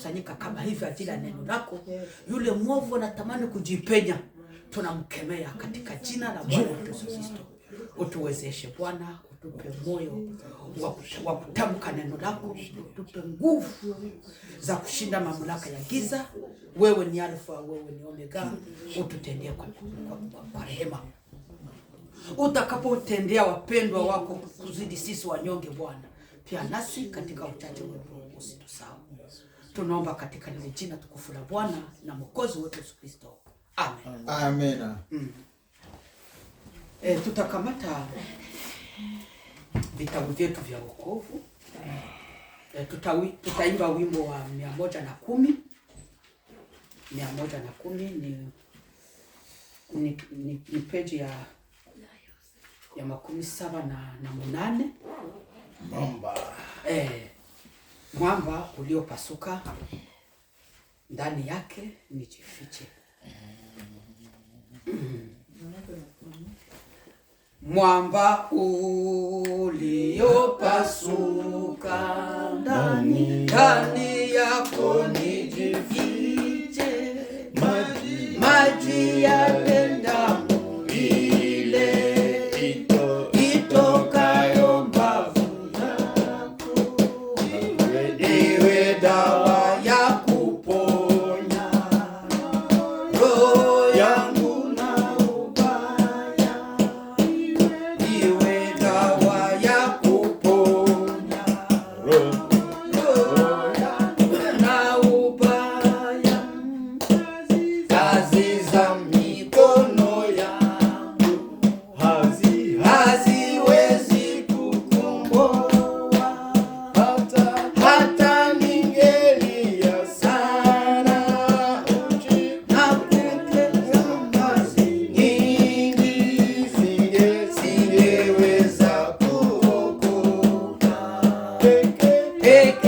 tunakusanyika kama hivi ajili ya neno lako. Yule mwovu anatamani kujipenya, tunamkemea katika jina la Bwana Yesu Kristo. Utuwezeshe Bwana, utupe moyo wa kutamka neno lako, utupe nguvu za kushinda mamlaka ya giza. Wewe ni Alfa, wewe ni Omega. Ututendee kwa, kwa, kwa, kwa rehema utakapotendea wapendwa wako kuzidi sisi wanyonge, Bwana pia nasi katika uchache wetu usitusahau tunaomba katika lile jina tukufu la Bwana na Mwokozi wetu Yesu Kristo, amen, amen. Mm. E, tutakamata vitabu vyetu vya wokovu e, tutaimba wimbo wa mia moja na kumi mia moja na kumi ni, ni, ni, ni peji ya ya makumi saba na, na munane Mamba. E, mwamba uliopasuka ndani yake nijifiche. Mwamba uliopasuka ndani ndani yako nijifiche, maji maji ya Hey.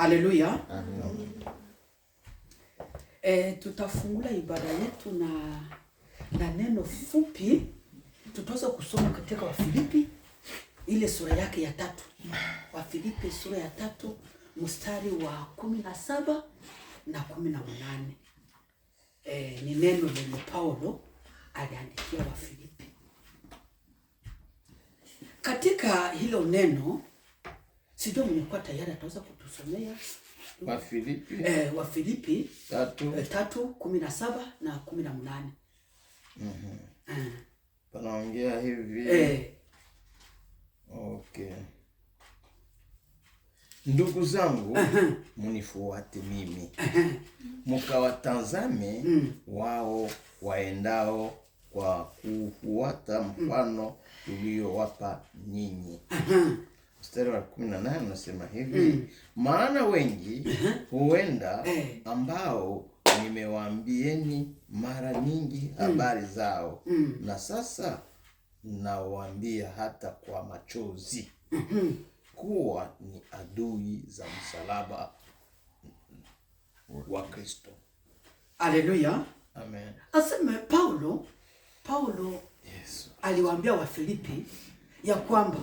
Haleluya. E, eh, tutafungula ibada yetu na na neno fupi. Tutaweza kusoma katika Wafilipi ile sura yake ya tatu, Wafilipi sura ya tatu mstari wa kumi na saba na kumi na mnane E, eh, ni neno lenye Paulo aliandikia Wafilipi. Katika hilo neno sijua mlikuwa tayari ataweza kutusomea Wafilipi eh, Filipi tatu, eh, tatu kumi na saba na kumi na mnane mm -hmm. eh. Panaongea hivi eh. Okay. Ndugu zangu uh -huh. munifuate mimi uh -huh. mukawatazame mm. wao waendao kwa kufuata mm. mfano uliowapa ninyi uh -huh mstari wa kumi na nane unasema hivi mm. maana wengi uh-huh. huenda eh. ambao nimewaambieni mara nyingi mm. habari zao mm. na sasa nawaambia hata kwa machozi mm-hmm. kuwa ni adui za msalaba wa Kristo. Aleluya, amen. Aseme Paulo, Paulo Yesu aliwaambia Wafilipi ya kwamba